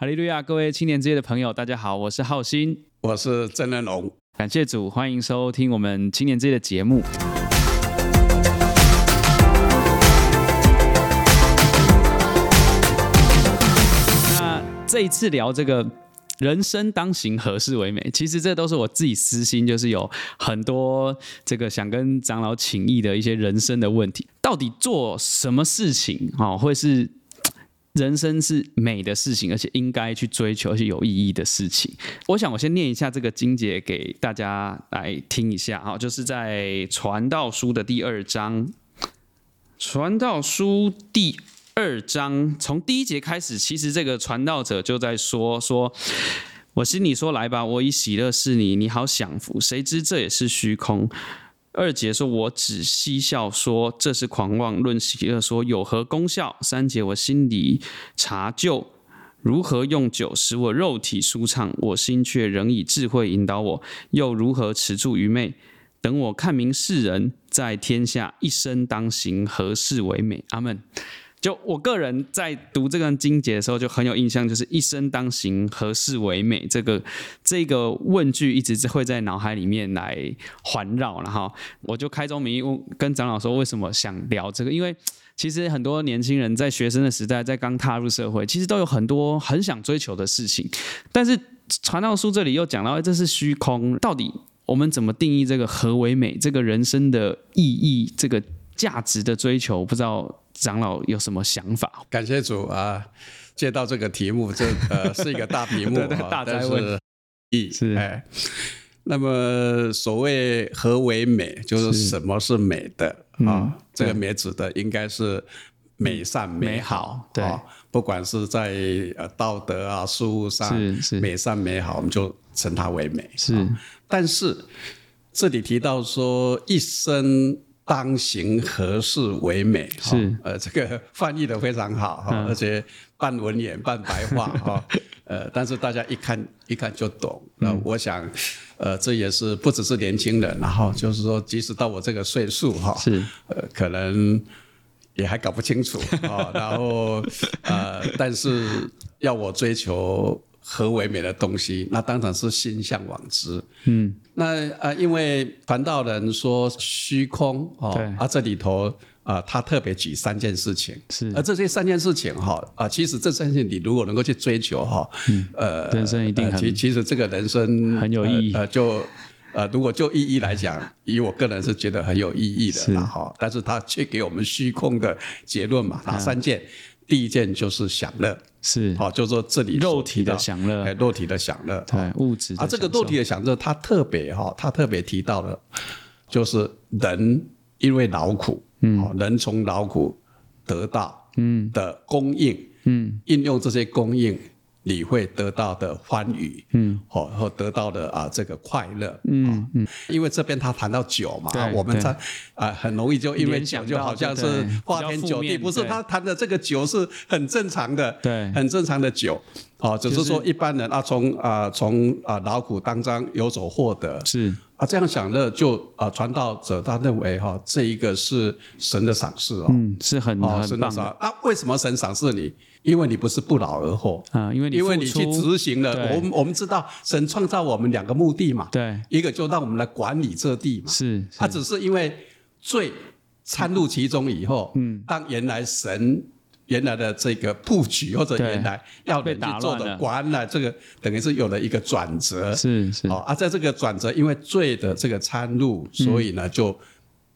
哈利路亞！各位青年之夜的朋友，大家好，我是浩興，我是鄭恩龍，感謝主，歡迎收聽我們青年之夜的節目。 那這一次聊這個人生當行何事為美？其實這都是我自己私心，就是有很多這個想跟長老請益的一些人生的問題，到底做什麼事情啊、哦，會是？人生是美的事情，而且應該去追求，一些有意義的事情。我想，我先念一下這個經節給大家來聽一下，好，就是在《傳道書》的第二章，《傳道書》第二章，從第一節開始，其實這個傳道者就在說，說，我心裡說，來吧，我以喜樂試你，你好享福，誰知這也是虛空。二節說：“我只嬉笑說，說這是狂妄；論喜樂，說有何功效？”三節，我心裡察究，如何用酒使我肉體舒暢？我心卻仍以智慧引導我，又如何持住愚昧？等我看明世人，在天下一生當行何事為美？阿門。就我個人在讀這個經解的時候，就很有印象，就是“一生當行何事為美”這個這個問句，一直會在腦海裡面來環繞。然後我就開宗明義問跟長老說，為什麼想聊這個？因為其實很多年輕人在學生的時代，在剛踏入社會，其實都有很多很想追求的事情。但是《傳道書》這裡又講到這是虛空，到底我們怎麼定義這個“何為美”？這個人生的意義，這個價值的追求，不知道。長老有什麼想法？感謝主啊！接到這個題目，這呃 是一個大題目哈， 大哉問！是、嗯、那麼所謂何為美，就是什麼是美的啊、哦嗯？這個美指的應該是美善美好，對。哦、不管是在呃道德啊事物上是，是美善美好，我們就稱它為美。是。哦、但是這裡提到說一生。當行何事為美？是，呃，這個翻譯的非常好哈，而且半文言半白話哈，嗯、 呃，但是大家一看一看就懂。那、呃、我想，呃，這也是不只是年輕人，然後就是說，即使到我這個歲數哈，是，呃，可能也還搞不清楚啊。然後， 呃，但是要我追求。何為美的東西？那當然是心嚮往之。嗯，那啊，因為傳道人說虛空哦，啊，這裡頭啊、呃，他特別舉三件事情，是，而這些三件事情哈，啊，其實這三件事情你如果能夠去追求哈，呃、嗯，人生一定、呃、其實這個人生很有意義。呃，就呃，如果就意義來講， 以我個人是覺得很有意義的是哈、啊。但是，他卻給我們虛空的結論嘛，哪三件。嗯第一件就是享樂，是好，哦，就說這裡肉體，肉體的享樂，哎，肉體的享樂，對，物質。啊，這個肉體的享樂，它特別哈，它特別提到的，就是人因為勞苦，嗯，哦、人從勞苦得到嗯的供應，嗯，應用這些供應。你會得到的歡愉，嗯，哦，後得到的啊，這個快樂，嗯、哦、嗯，因為這邊他談到酒嘛，我們在啊、呃，很容易就因為酒就好像是花天酒地，不是他談的這個酒是很正常的，對，很正常的酒，哦，只是說一般人啊從、呃，從啊、呃、從啊、呃、勞苦當中有所獲得是啊，這樣享樂就啊、呃、傳道者他認為哈、哦，這一個是神的賞賜哦，嗯，是很、哦、的很棒的啊，為什麼神賞賜你？因為你不是不勞而獲啊，因為你因為你去執行了，我我們知道神創造我們兩個目的嘛，對，一個就讓我們來管理這地嘛，是，他、啊、只是因為罪參入其中以後，嗯，當原來神原來的這個布局或者原來要被打亂的管、啊、了這個等於是有了一個轉折，是是啊，在這個轉折，因為罪的這個參入，嗯、所以呢就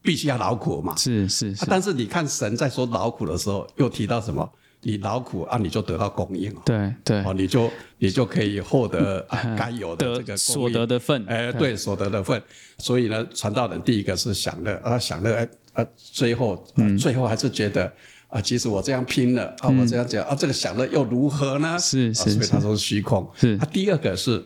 必須要勞苦嘛，是是是、啊，但是你看神在說勞苦的時候，又提到什麼？你勞苦啊，你就得到供應對對哦、啊，你就你就可以獲得、啊、該有的這個供應、嗯、得所得的份。哎，對，對所得的份。所以呢，傳道人第一個是享樂，啊，享樂，哎，啊，最後、啊嗯、最後還是覺得啊，其實我這樣拼了啊、嗯，我這樣講啊，這個享樂又如何呢？是是、啊，所以他說虛空。是。啊，第二個是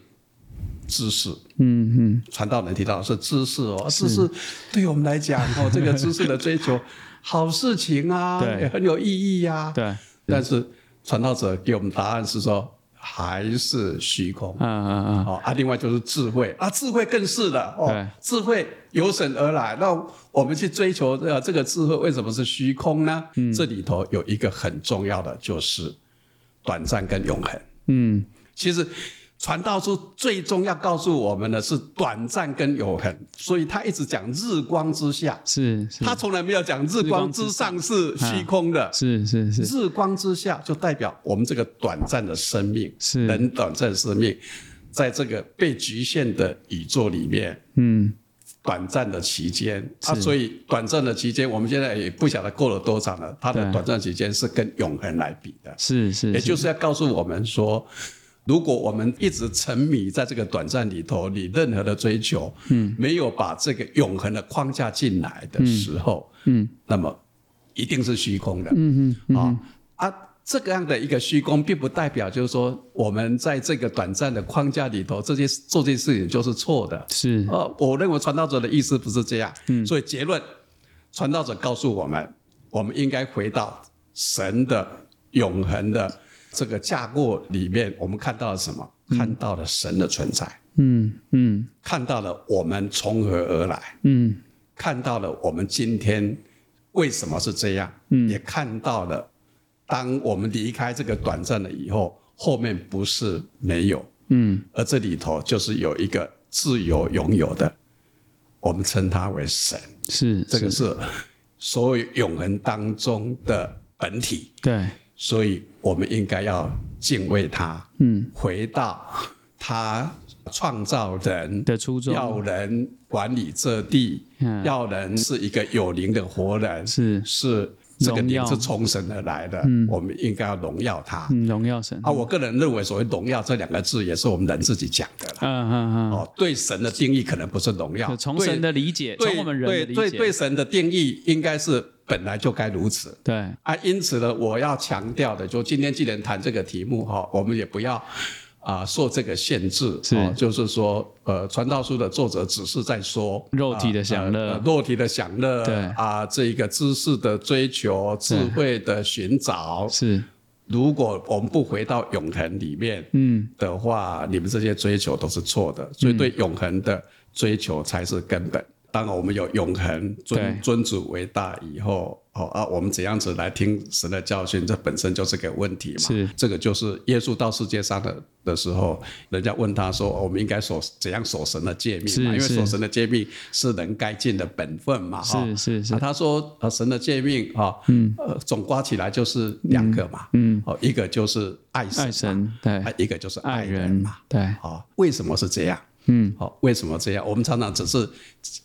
知識。嗯嗯。傳道人提到的是知識哦、啊，知識對我們來講哦， 這個知識的追求，好事情啊，對很有意義呀、啊。對。但是，傳道者給我們答案是說，還是虛空。嗯嗯嗯。好啊，另外就是智慧啊，智慧更是的哦。對。智慧由神而來，那我們去追求這個智慧，為什麼是虛空呢？嗯。這裡頭有一個很重要的，就是短暫跟永恆。嗯。其實。傳道書最終要告訴我們的是短暫跟永恆，所以他一直講日光之下，是他從來沒有講日光之上是虛空的，是是是。日光之下就代表我們這個短暫的生命，是人短暫的生命，在這個被局限的宇宙裡面，嗯，短暫的期間，啊，所以短暫的期間，我們現在也不曉得過了多長了，它的短暫期間是跟永恆來比的，是是，也就是要告訴我們說。如果我們一直沉迷在這個短暫裡頭，你任何的追求，嗯，沒有把這個永恆的框架進來的時候，嗯，嗯，那麼一定是虛空的，嗯嗯，啊啊，這個樣的一個虛空，並不代表就是說我們在這個短暫的框架裡頭，這些做這些事情就是錯的，是，呃、啊，我認為傳道者的意思不是這樣，嗯，所以結論，傳道者告訴我們，我們應該回到神的永恆的。這個架構裡面，我們看到了什麼？嗯，看到了神的存在。嗯嗯，看到了我們從何而來。嗯，看到了我們今天為什麼是這樣。嗯，也看到了，當我們離開這個短暫了以後，後面不是沒有。嗯，而這裡頭就是有一個自由擁有的，我們稱它為神。是這個是所有永恆當中的本體。對，所以。我們應該要敬畏他，嗯，回到他創造人的初衷，啊，要人管理這地，嗯，要人是一個有靈的活人，是是，這個靈是從神而來的，嗯，我們應該要榮耀他，嗯，榮耀神，嗯。啊，我個人認為，所謂“榮耀”這兩個字，也是我們人自己講的啦，嗯嗯嗯。哦，對神的定義可能不是榮耀，從神的理解，對我們人的理解，對對對，對神的定義應該是。本來就該如此。對啊，因此呢，我要強調的，就今天既然談這個題目哈、哦，我們也不要啊、呃、受這個限制。是、哦，就是說，呃，傳道書的作者只是在說肉體的享樂、呃，肉體的享樂。對啊、呃，這一個知識的追求，智慧的尋找。是，如果我們不回到永恆裡面，嗯的話，你們這些追求都是錯的。所以，對永恆的追求才是根本。嗯。當我們有永恆尊尊主為大以後，哦啊，我們怎樣子來聽神的教訓？這本身就是個問題嘛。是這個就是耶穌到世界上的的時候，人家問他說：“我們應該守怎樣守神的誡命嘛是是？因為守神的誡命是人該盡的本分嘛。”哈，是是是。啊、他說：“呃，神的誡命啊，嗯，呃，總括起來就是兩個嘛。嗯，哦、嗯，一個就是愛神，愛神，對、啊，一個就是愛人嘛，愛人，對。哦、啊，為什麼是這樣？”嗯，好，為什麼這樣？我們常常只是，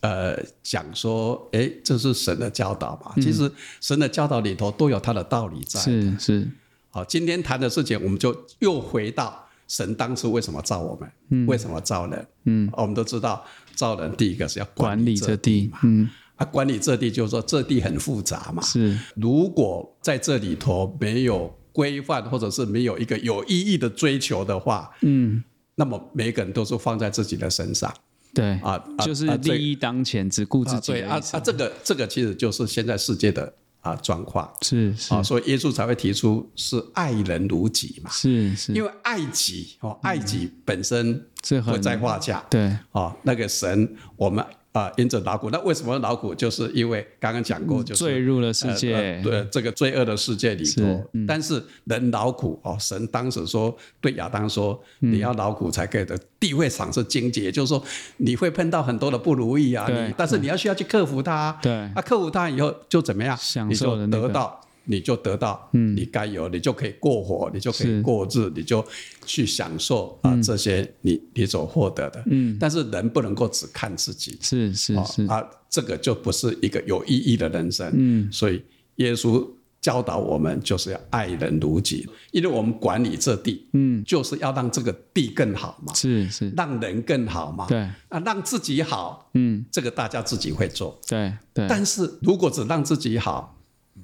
呃，講說，哎，這是神的教導嘛。其實神的教導裡頭都有他的道理在的。嗯，是，是，好，今天談的事情，我們就又回到神當初為什麼造我們？嗯，為什麼造人？嗯，哦，我們都知道，造人第一個是要管理這地嘛，這地。嗯，啊，管理這地就是說，這地很複雜嘛。是，如果在這裡頭沒有規範，或者是沒有一個有意義的追求的話，嗯。那麼每個人都是放在自己的身上啊。啊對，對啊，就是利益當前，啊、只顧自己的上、啊、對啊。啊！這個這個其實就是現在世界的啊狀況，是是、啊。所以耶穌才會提出是愛人如己嘛，是是，因為愛己哦，愛己本身這不在話下，嗯、對啊，那個神我們。啊、呃，因着勞苦，那為什麼勞苦？就是因為剛剛講過，就是罪入了世界，呃呃、對這個罪惡的世界裡頭。是嗯、但是人勞苦哦，神當時說對亞當說、嗯，你要勞苦才可以得，地位上是荊棘。也就是說你會碰到很多的不如意啊。你但是你要需要去克服它。對，那、啊、克服它以後就怎麼樣？享受的、那個、得到。你就得到你，你該有，你就可以過活，你就可以過日，你就去享受、嗯、啊，這些你你所獲得的，嗯。但是人不能夠只看自己，是是是、哦，啊，這個就不是一個有意義的人生，嗯。所以耶穌教導我們就是要愛人如己，因為我們管理這地，嗯，就是要讓這個地更好嘛，是是，讓人更好嘛，對啊，讓自己好，嗯，這個大家自己會做，對對。但是如果只讓自己好，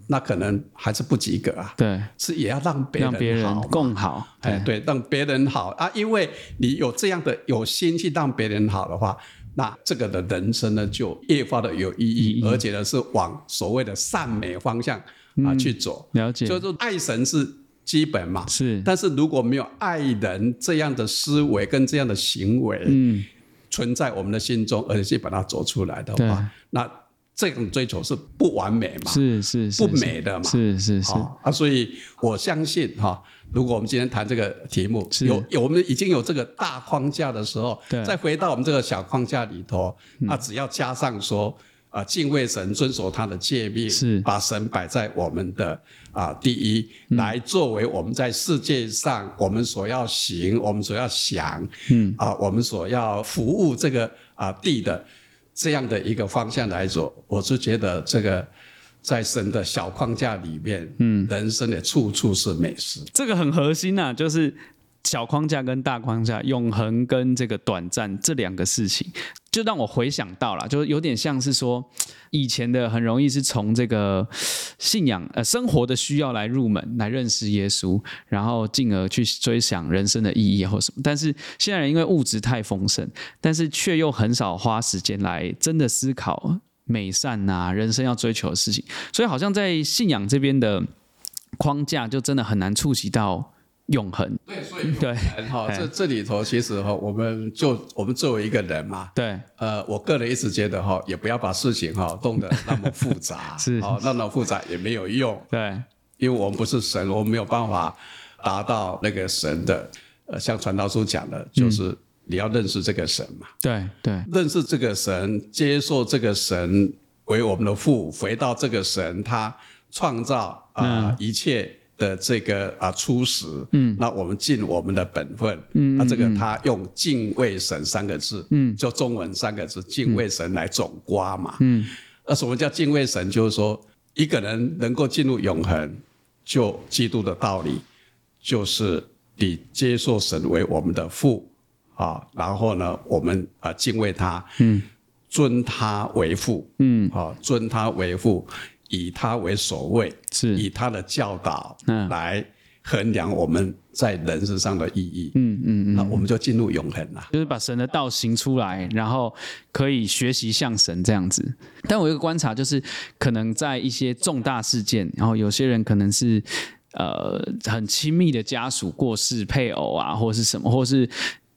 那可能還是不及格啊。對，是也要讓別人好，別人好，更好。對，讓別人好啊，因為你有這樣的有心去讓別人好的話，那這個的人生呢就越發的有意義，嗯、而且呢是往所謂的善美方向啊、嗯、去走。了解，就是說愛神是基本嘛。是。但是如果沒有愛人這樣的思維跟這樣的行為嗯，存在我們的心中，而且去把它走出來的話，那。這種追求是不完美嘛？是是，是不美的嘛？是是是，是啊，所以我相信哈、啊，如果我們今天談這個題目是有，有我們已經有這個大框架的時候，對，再回到我們這個小框架裡頭，嗯、啊，只要加上說啊，敬畏神，遵守他的誡命，是把神擺在我們的啊第一、嗯，來作為我們在世界上我們所要行，我們所要想，嗯啊，我們所要服務這個啊地的。這樣的一個方向來走，我是覺得這個在神的小框架裡面，嗯，人生的處處是美事。這個很核心啊，就是小框架跟大框架，永恆跟這個短暫這兩個事情。就讓我回想到了，就是有點像是說，以前的很容易是從這個信仰呃生活的需要來入門，來認識耶穌，然後進而去追想人生的意義或什麼。但是現在人因為物質太豐盛，但是卻又很少花時間來真的思考美善呐、啊，人生要追求的事情，所以好像在信仰這邊的框架就真的很難觸及到。永恆對，所以永恆哈、哦嗯，這這裡頭其實哈、哦，我們就我們作為一個人嘛，對，呃，我個人一直覺得哈，也不要把事情哈、哦、弄得那麼複雜， 是哦，那麼複雜也沒有用，對，因為我們不是神，我們沒有辦法達到那個神的。呃，像《傳道書》講的、嗯，就是你要認識這個神嘛，對對，認識這個神，接受這個神為我們的父，回到這個神，他創造啊、呃嗯、一切。的這個啊，初始，嗯，那我們盡我們的本分，嗯，那這個他用敬畏神三個字，嗯，就中文三個字，敬畏神來總括嘛，嗯，那什麼叫敬畏神？就是說，一個人能夠進入永恆，就基督的道理，就是你接受神為我們的父啊，然後呢，我們啊敬畏他，嗯，尊他為父，嗯，啊，尊他為父。以他為首位，是以他的教導來衡量我們在人生上的意義。嗯嗯嗯，那我們就進入永恆了，就是把神的道行出來，然後可以學習像神這樣子。但我有一個觀察就是，可能在一些重大事件，然後有些人可能是呃很親密的家屬過世，配偶啊，或是什麼，或是、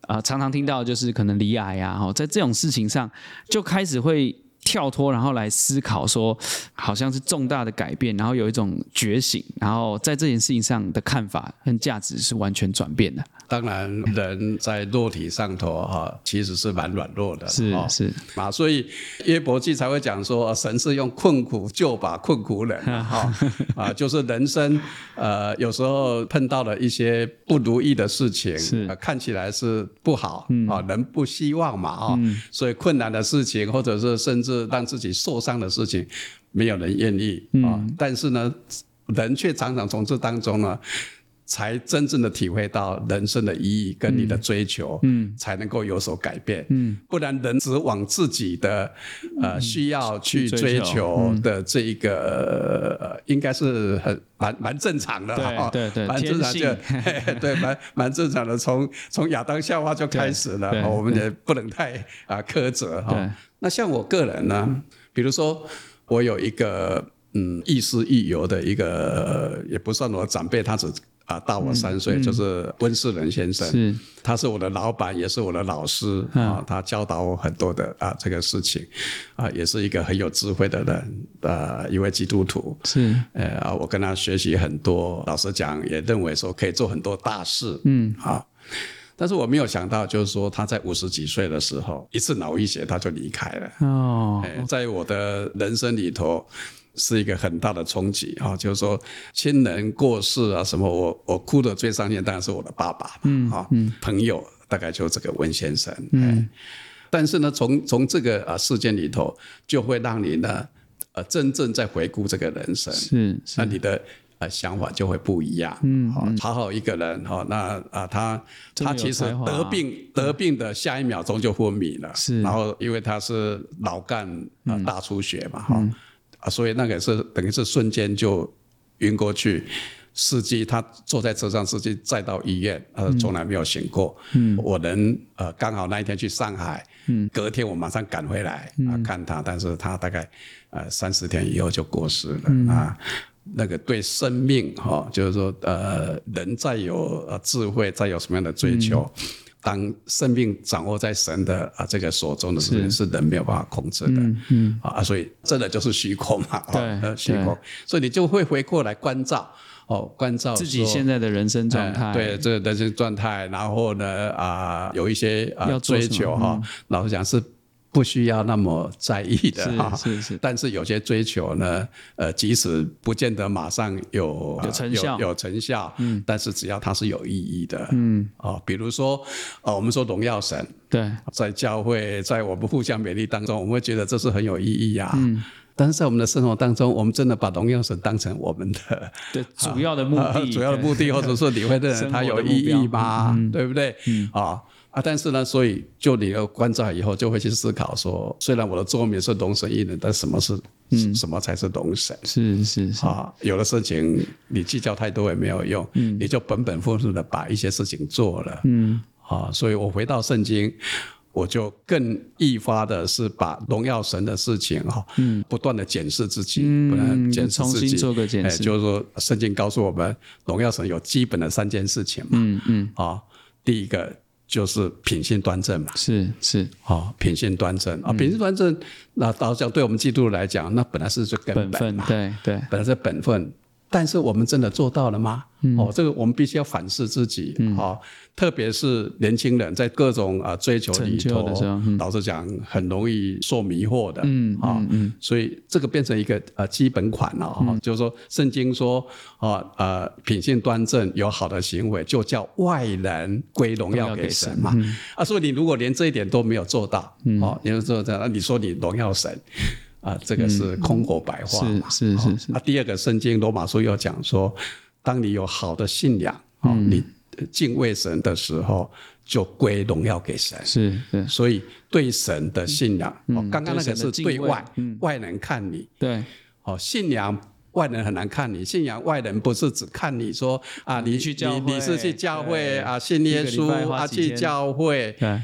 呃、常常聽到就是可能罹癌啊，哦，在這種事情上就開始會。跳脫，然後來思考說，說好像是重大的改變，然後有一種覺醒，然後在這件事情上的看法跟價值是完全轉變的。當然，人在肉體上頭哈，其實是蠻軟弱的，是是啊，所以約伯記才會講說，神是用困苦救拔困苦人，啊， 就是人生有時候碰到了一些不如意的事情，看起來是不好、嗯、人不希望嘛、嗯、所以困難的事情，或者是甚至。是讓自己受傷的事情，沒有人願意啊、嗯。但是呢，人卻常常從這當中呢。才真正的體會到人生的意義跟你的追求，嗯，嗯，才能夠有所改變，嗯，嗯，不然人只往自己的呃、嗯、需要去追求的、嗯、這一個、呃，應該是很蠻蠻正常的，哈，對對，蠻正常的，嘿嘿對蠻蠻正常的，從從亞當夏娃就開始了、哦，我們也不能太啊、呃、苛責哈、哦。那像我個人呢，比如說我有一個嗯亦師亦友的一個、呃，也不算我長輩，他只。大我三歲、嗯嗯，就是溫世仁先生，是，他是我的老闆，也是我的老師、哦、啊，他教導我很多的啊這個事情，啊，也是一個很有智慧的人，啊、一位基督徒，是，呃我跟他學習很多，老實講，也認為說可以做很多大事，嗯，啊，但是我沒有想到，就是說他在五十幾歲的時候，一次腦溢血，他就離開了哦、呃，在我的人生裡頭。是一個很大的衝擊哈，就是說親人過世啊什麼，我我哭的最傷心，當然是我的爸爸嘛、嗯嗯，朋友大概就這個溫先生，嗯，但是呢，從從這個啊事件裡頭，就會讓你呢，呃，真正在回顧這個人生，是，是那你的呃想法就會不一樣，嗯，嗯好，好一個人哈，那啊他啊他其實得病得病的下一秒鐘就昏迷了，是、嗯，然後因為他是腦幹大出血嘛，哈、嗯。嗯啊，所以那個是等於是瞬間就暈過去，司機他坐在車上，司機再到醫院，他、嗯、從來沒有醒過。嗯、我人呃，剛好那一天去上海，嗯、隔天我馬上趕回來、啊嗯、看他，但是他大概呃三十天以後就過世了啊、嗯。那個對生命哈、哦，就是說呃，人再有智慧，再有什麼樣的追求。嗯當生命掌握在神的啊這個手中的時候是，是人沒有辦法控制的，嗯，嗯啊，所以真的就是虛空嘛、啊，對，啊、虛空。所以你就會回過來關照，哦，關照自己現在的人生狀態，嗯、對，這個這個狀態。然後呢，啊、呃，有一些啊、呃、追求哈、哦，老實講是。不需要那麼在意的哈，但是有些追求呢，呃，即使不見得馬上有有成效有，有成效，嗯，但是只要它是有意義的，嗯，哦，比如說，呃、哦，我們說榮耀神，對，在教會，在我們互相勉勵當中，我們會覺得這是很有意義呀、啊。嗯，但是在我們的生活當中，我們真的把榮耀神當成我們的主要的目的，主要的目的，啊、的目的或者說你會認為它有意義嗎？嗯、對不對？啊、嗯。哦啊，但是呢，所以就你要觀察以後，就會去思考說，雖然我的座右銘是榮神益人，但什麼是、嗯、什麼才是榮神？是是是。啊，有的事情你計較太多也沒有用，嗯、你就本本分分的把一些事情做了。嗯啊，所以我回到聖經，我就更益發的是把榮耀神的事情哈、嗯，不斷的檢視自己，嗯、不斷檢。視、嗯、重新做個檢視、哎。就是說聖經告訴我們，榮耀神有基本的三件事情嘛。嗯嗯啊，第一個。就是品性端正嘛，是是，好、哦、品性端正啊，嗯，品性端正，那倒講對我們基督徒來講，那本來是最根本嘛，本分對對，本來是本分。但是我們真的做到了嗎？哦、嗯，這個我們必須要反思自己、嗯、特別是年輕人在各種啊追求裡頭，的時候嗯、老實講很容易受迷惑的啊、嗯嗯嗯。所以這個變成一個呃基本款了、嗯、就是說聖經說啊呃品性端正、有好的行為，就叫外人歸榮耀給神嘛。神嗯、啊，所以你如果連這一點都沒有做到，哦、嗯，有人說這樣，那你說你榮耀神。啊，這個是空口白話嘛，是是是。那、哦啊、第二個聖經羅馬書又講說，當你有好的信仰、嗯哦、你敬畏神的時候，就歸榮耀給神。是，是所以對神的信仰，剛剛那個是對外，外人看你。對，好、哦、信仰外人很難看你。信仰外人不是只看你說啊你，你去教會你，你是去教會啊，信耶穌啊，去教會。對，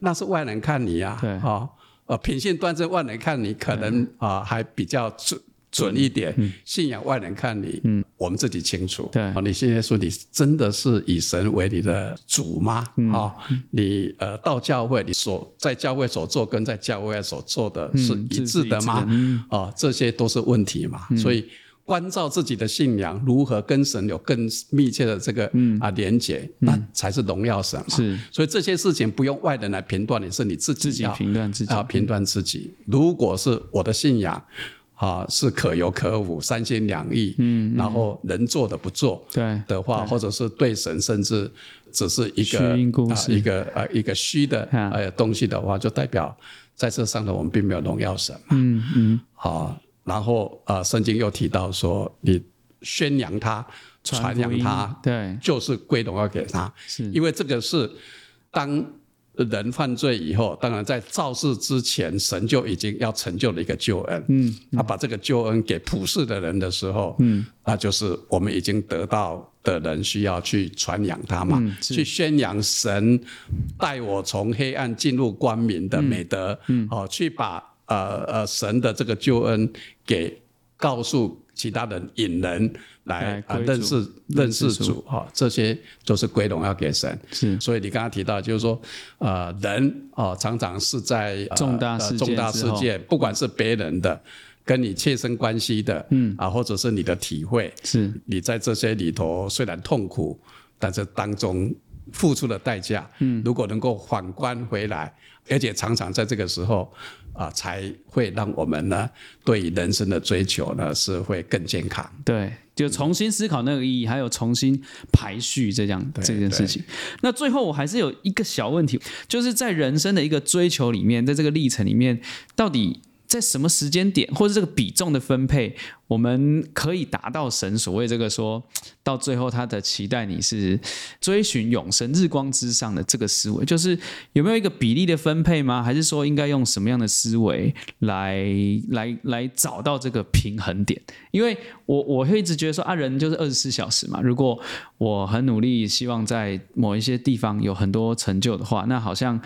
那是外人看你啊。對，好、哦。呃，品性端正，外人看你可能啊、呃、還比較準準一點，嗯；信仰外人看你，嗯，我們自己清楚。對，你現在說你真的是以神為你的主嗎？啊、嗯哦，你呃到教會，你所在教會所做跟在教會所做的是一致的嗎？啊、嗯嗯呃，這些都是問題嘛，嗯、所以。關照自己的信仰，如何跟神有更密切的這個啊連接，嗯嗯，那才是榮耀神嘛。是，所以這些事情不用外人來評斷，你是你自己要自己評，自己、啊、評斷自己啊評斷自己。如果是我的信仰啊是可有可無、三心兩意，嗯，嗯，然後能做的不做對的話，嗯，或者是對神甚至只是一個虛、啊、一個啊、呃、一個虛的哎、嗯呃、東西的話，就代表在這上頭我們並沒有榮耀神嘛。嗯嗯，好、啊。然後啊、呃，聖經又提到說，你宣揚他，傳，傳揚他，對，就是歸榮耀給他，是，因為這個是當人犯罪以後，當然在造世之前，神就已經要成就了一個救恩嗯，嗯，他把這個救恩給普世的人的時候，嗯，那就是我們已經得到的人需要去傳揚他嘛，嗯、去宣揚神帶我從黑暗進入光明的美德，嗯，好、嗯哦，去把。呃呃，神的這個救恩給告訴其他人，引人來啊認識認識主哈，這些就是歸榮耀給神。是，所以你剛剛提到就是說，呃，人啊、呃、常常是在、呃、重大事重大事件，不管是別人的，跟你切身關係的，嗯啊，或者是你的體會、嗯，是，你在這些裡頭雖然痛苦，但是當中，付出的代價，嗯，如果能夠反觀回來、嗯，而且常常在這個時候啊、呃，才會讓我們呢對人生的追求呢是會更健康。對，就重新思考那個意義，嗯、還有重新排序這樣這件事情。那最後我還是有一個小問題，就是在人生的一個追求裡面，在這個歷程裡面，到底。在什麼時間點，或者這個比重的分配，我們可以達到神所謂這個說，到最後他的期待你是追尋永生日光之上的這個思維，就是有沒有一個比例的分配嗎？還是說應該用什麼樣的思維來來來找到這個平衡點？因為我我會一直覺得說啊，人就是二十四小時嘛。如果我很努力，希望在某一些地方有很多成就的話，那好像。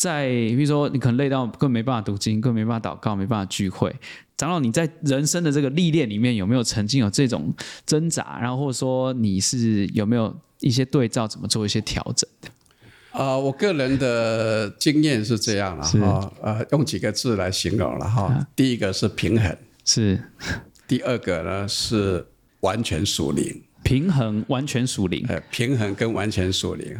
在，比如說你可能累到更沒辦法讀經，更沒辦法禱告，沒辦法聚會。長老，你在人生的這個歷練裡面有沒有曾經有這種掙扎？然後或者說你是有沒有一些對照，怎麼做一些調整的？啊、呃，我個人的經驗是這樣了，呃，用幾個字來形容了哈、啊。第一個是平衡，是；第二個呢是完全屬靈，平衡完全屬靈，呃，平衡跟完全屬靈。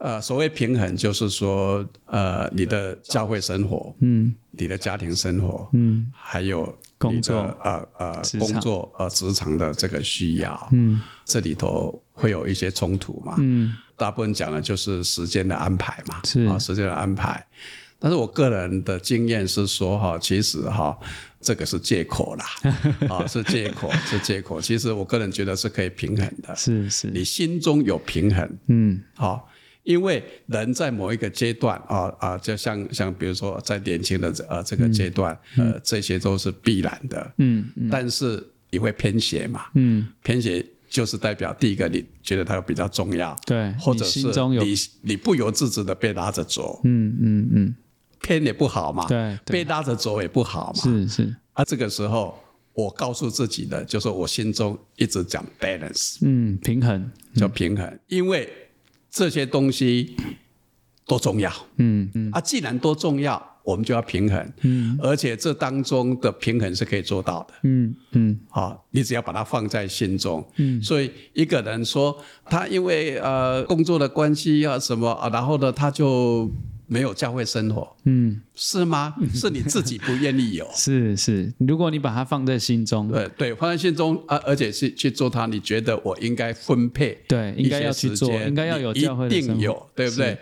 呃，所謂平衡，就是說，呃，你的教會生活，嗯，你的家庭生活，嗯，還有工作，呃呃，工作呃職場的這個需要，嗯，這裡頭會有一些衝突嘛，嗯，大部分講的就是時間的安排嘛，是啊、哦，時間的安排。但是我個人的經驗是說哈，其實哈、哦，這個是借口啦，啊、 哦，是借口，是借口。其實我個人覺得是可以平衡的，是是，你心中有平衡，嗯，好、哦。因為人在某一個階段啊啊，就像像比如說在年輕的呃、嗯、這個階段，呃、嗯、這些都是必然的，嗯。嗯，但是你會偏斜嘛？嗯，偏斜就是代表第一個你覺得它比較重要，對，或者是你你，心中有你不由自主的被拉着走，嗯嗯嗯，偏也不好嘛，對，對被拉着走也不好嘛，是是。啊，這個時候我告訴自己的就是我心中一直講 balance，嗯，平衡叫平衡，嗯，因為。這些東西多重要？嗯嗯啊，既然多重要，我們就要平衡。嗯，而且這當中的平衡是可以做到的。嗯嗯，好，啊，你只要把它放在心中。嗯，所以一個人說他因為呃工作的關係啊什麼啊，然後呢他就。沒有教會生活，嗯，是嗎？是你自己不願意有， 是是。如果你把它放在心中，對對，放在心中，而、啊、而且去去做它，你覺得我應該分配一些時間，對，應該要去做，應該要有教會的生活。你一定有，對不對？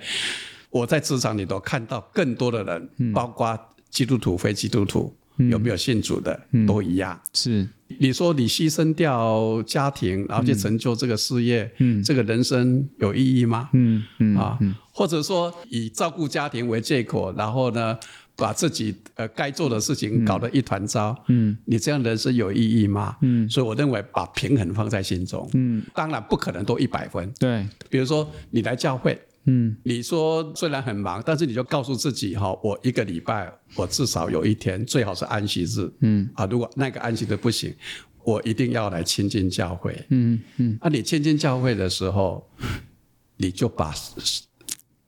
我在職場裡頭看到更多的人，嗯，包括基督徒、非基督徒。嗯、有沒有信主的、嗯、都一樣。是，你說你犧牲掉家庭，然後去成就這個事業、嗯，這個人生有意義嗎？嗯嗯，嗯啊，或者說以照顧家庭為借口，然後呢把自己呃該做的事情搞得一團糟，嗯，你這樣的人生有意義嗎？嗯，所以我認為把平衡放在心中，嗯，當然不可能都一百分。對，比如說你來教會。嗯，你說雖然很忙，但是你就告訴自己哈，我一個禮拜我至少有一天，最好是安息日。嗯啊，如果那個安息日不行，我一定要來親近教會。嗯嗯，啊你親近教會的時候，你就把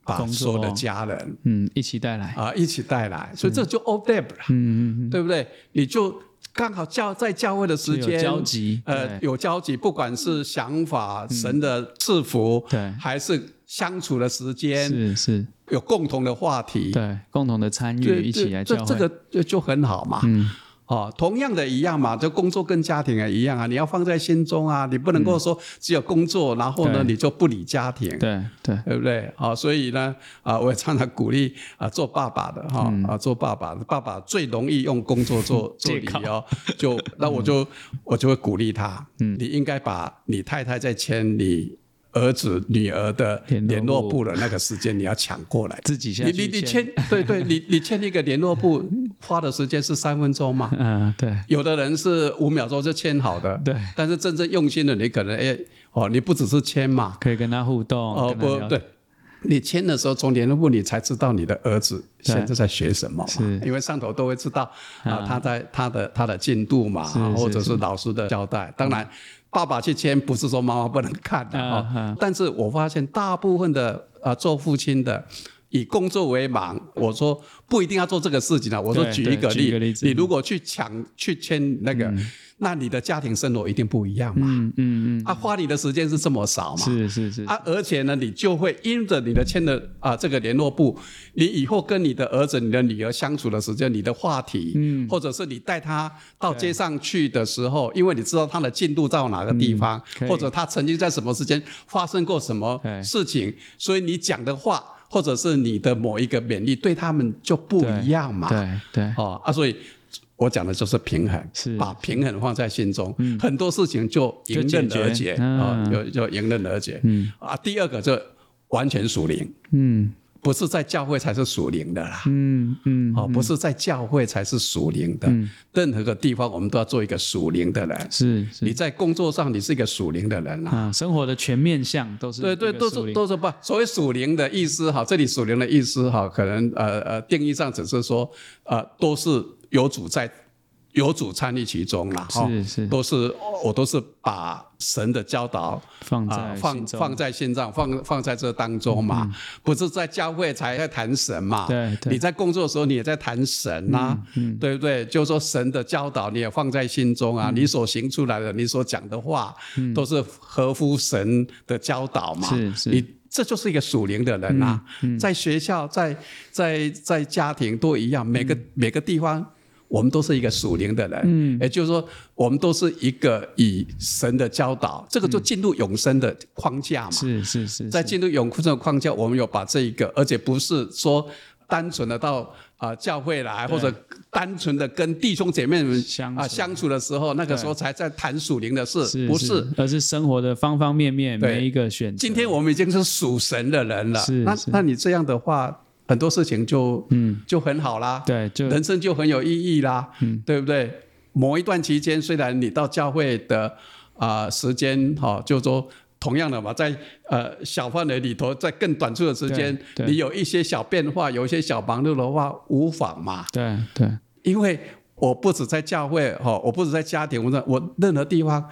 把所有的家人嗯一起帶來啊，一起帶來，呃帶來嗯、所以這就 all day 了。嗯嗯，嗯，對不對？你就剛好教在教會的時間有交集，呃，有交集，不管是想法、嗯、神的賜福、嗯，對，還是。相處的時間是是，有共同的話題，對，共同的參與，一起來交換。這個就就很好嘛。嗯，哦、同樣的，一樣嘛，就工作跟家庭也一樣啊。你要放在心中啊，你不能夠說只有工作，然後呢，嗯、然後呢你就不理家庭。對對，對不對、哦？所以呢，啊，我也常常鼓勵啊，做爸爸的哈、嗯，啊，做爸爸的，爸爸最容易用工作做 做理由，就那 我就 我就會鼓勵他，嗯，你應該把你太太在牽你。兒子、女兒的聯絡簿的那個時間，你要搶過來。自己先。你你你簽，對對，你你簽一個聯絡簿，花的時間是三分鐘嘛？嗯，對。有的人是五秒鐘就簽好的。對。但是真正用心的，你可能哎哦，你不只是簽嘛，可以跟他互動，哦，不對。你簽的時候，從聯絡簿你才知道你的兒子現在在學什麼，因為上頭都會知道啊，他在他的他的進度嘛，或者是老師的交代。當然，爸爸去簽不是說媽媽不能看的啊，但是我發現大部分的啊做父親的以工作為忙，我說不一定要做這個事情的，我說舉一個例子，你如果去搶去簽那個。那你的家庭生活一定不一樣嘛？嗯嗯嗯，啊，花你的時間是這麼少嘛？是是是。啊，而且呢，你就會因着你的簽的啊、呃、這個聯絡簿，你以後跟你的兒子、你的女兒相處的時間、你的話題，嗯，或者是你帶他到街上去的時候，因為你知道他的進度到哪個地方、嗯，或者他曾經在什麼時間發生過什麼事情，所以你講的話或者是你的某一個勉勵，對他們就不一樣嘛？對對。哦啊，所以。我講的就是平衡，把平衡放在心中、嗯，很多事情就迎刃而解，就，解、啊哦、就，就迎刃而解、嗯。啊，第二個就完全屬靈，嗯，不是在教會才是屬靈的啦，嗯嗯、哦，不是在教會才是屬靈的、嗯，任何個地方我們都要做一個屬靈的人。是，是你在工作上你是一個屬靈的人、啊啊、生活的全面向都是對對，都是都是不所謂屬靈的意思。哈，這裡屬靈的意思哈，可能呃呃定義上只是說呃都是。有主在，有主參與其中了，哈、哦，是是，都是我都是把神的教導放在放放在心上、呃，放放在，放，放在這當中嘛、嗯，不是在教會才在談神嘛。對，對，你在工作的時候你也在談神吶、啊嗯嗯，對不對？就是說神的教導你也放在心中啊，嗯、你所行出來的，你所講的話，嗯、都是合乎神的教導嘛，嗯、是是，你這就是一個屬靈的人啊，嗯嗯、在學校，在在在家庭都一樣，每個、嗯、每個地方。我們都是一個屬靈的人，嗯，也就是說，我們都是一個以神的教導、嗯，這個就進入永生的框架嘛。嗯、是是是，在進入永生的框架，我們有把這一個，而且不是說單純的到啊、呃、教會來，或者單純的跟弟兄姐妹們相啊、呃、相處的時候，那個時候才在談屬靈的事，不是，是，是，而是生活的方方面面每一個選擇。今天我們已經是屬神的人了，是是，那那你這樣的話。很多事情就嗯就很好啦，嗯、對，就人生就很有意義啦，嗯，對不對？某一段期間，雖然你到教會的啊、呃、時間哈、哦，就說同樣的嘛，在呃小範圍裡頭，在更短促的時間，你有一些小變化，有一些小忙碌的話，無妨嘛。對對，因為我不只在教會哈、哦，我不只在家庭，我在我任何地方，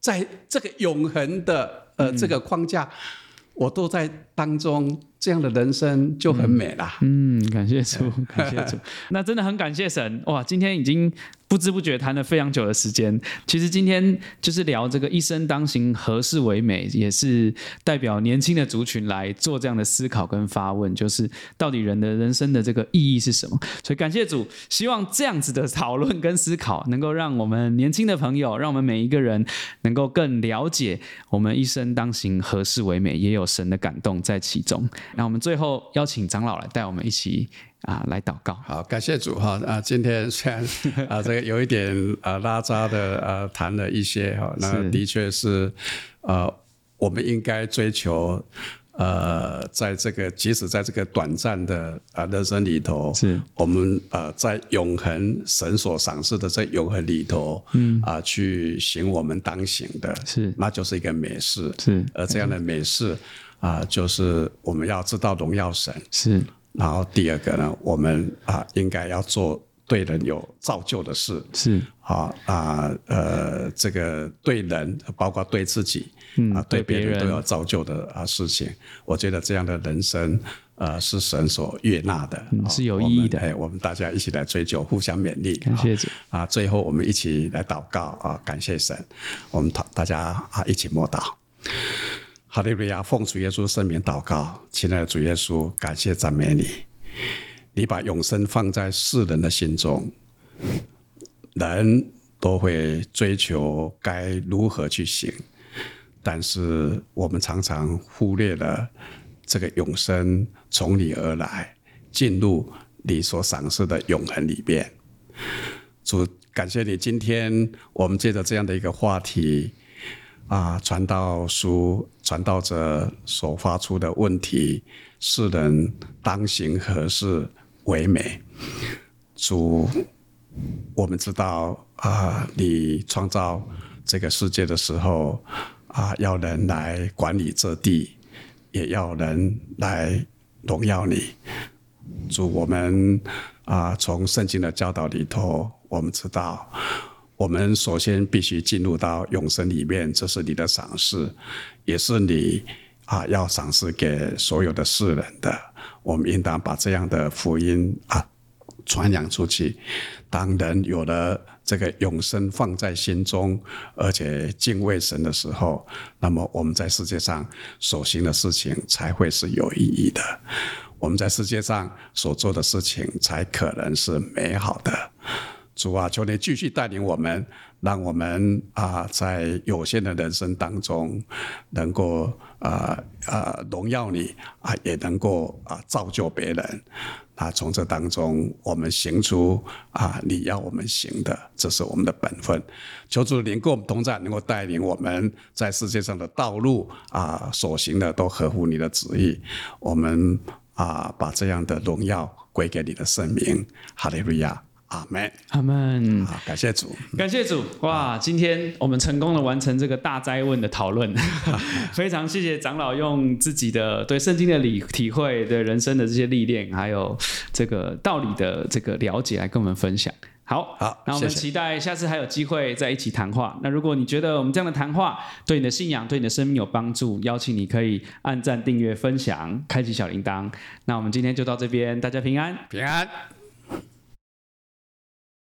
在這個永恆的呃這個框架。嗯我都在當中，這樣的人生就很美了。嗯。嗯，感謝主，感謝主， 那真的很感謝神哇！今天已經。不知不覺談了非常久的時間，其實今天就是聊這個“一生當行何事為美”，也是代表年輕的族群來做這樣的思考跟發問，就是到底人的人生的這個意義是什麼？所以感謝主，希望這樣子的討論跟思考，能夠讓我們年輕的朋友，讓我們每一個人能夠更了解我們“一生當行何事為美”，也有神的感動在其中。那我們最後邀請長老來帶我們一起。啊，來禱告。好，感謝主哈啊！今天雖然啊，這個有一點啊拉雜的啊，談了一些哈， 那的確是啊、呃，我們應該追求呃，在這個即使在這個短暫的啊人生裡頭，是，我們呃在永恆神所賞賜的這永恆裡頭，嗯啊、呃，去行我們當行的，是，那就是一個美事，是。而這樣的美事啊、嗯呃，就是我們要知道榮耀神，是。然後第二個呢，我們啊應該要做對人有造就的事，是啊，啊呃這個對人包括對自己、嗯、對啊對別人都有造就的啊事情，我覺得這樣的人生呃是神所悅納的，嗯、是有意義的。哎，我們大家一起來追求，互相勉勵，感謝主啊！最後我們一起來禱告啊，感謝神，我們討大家啊一起默禱。哈利路亞！奉主耶穌聖名禱告，親愛的主耶穌，感謝讚美你，你把永生放在世人的心中，人都會追求該如何去行，但是我們常常忽略了這個永生從你而來，進入你所賞賜的永恆裡面。主，感謝你，今天我們借着這樣的一個話題。啊，傳道書傳道者所發出的問題，世人當行何事為美？主，我們知道啊，你創造這個世界的時候，啊，要人來管理這地，也要人來榮耀你。主，我們啊，從聖經的教導裡頭，我們知道。我們首先必須進入到永生裡面，這是你的賞賜，也是你啊要賞賜給所有的世人的。我們應當把這樣的福音啊傳揚出去。當人有了這個永生放在心中，而且敬畏神的時候，那麼我們在世界上所行的事情才會是有意義的，我們在世界上所做的事情才可能是美好的。主啊，求你繼續帶領我們，讓我們啊、呃，在有限的人生當中，能夠啊啊、呃呃、榮耀你啊，也能夠啊、呃、造就別人。那、啊、從這當中，我們行出啊，你要我們行的，這是我們的本分。求主，您跟我們同在，能夠帶領我們在世界上的道路啊，所行的都合乎你的旨意。我們啊，把這樣的榮耀歸給你的聖名，哈利路亞。阿門，阿門。好，感謝主，感謝主。哇，今天我們成功地完成這個大哉問的討論，非常謝謝長老用自己的對聖經的理體會，對人生的這些歷練，還有這個道理的這個了解，來跟我們分享。好，好，那我們期待下次還有機會再一起談話，好，謝謝。那如果你覺得我們這樣的談話對你的信仰、對你的生命有幫助，邀請你可以按讚、訂閱、分享、開啟小鈴鐺。那我們今天就到這邊，大家平安，平安。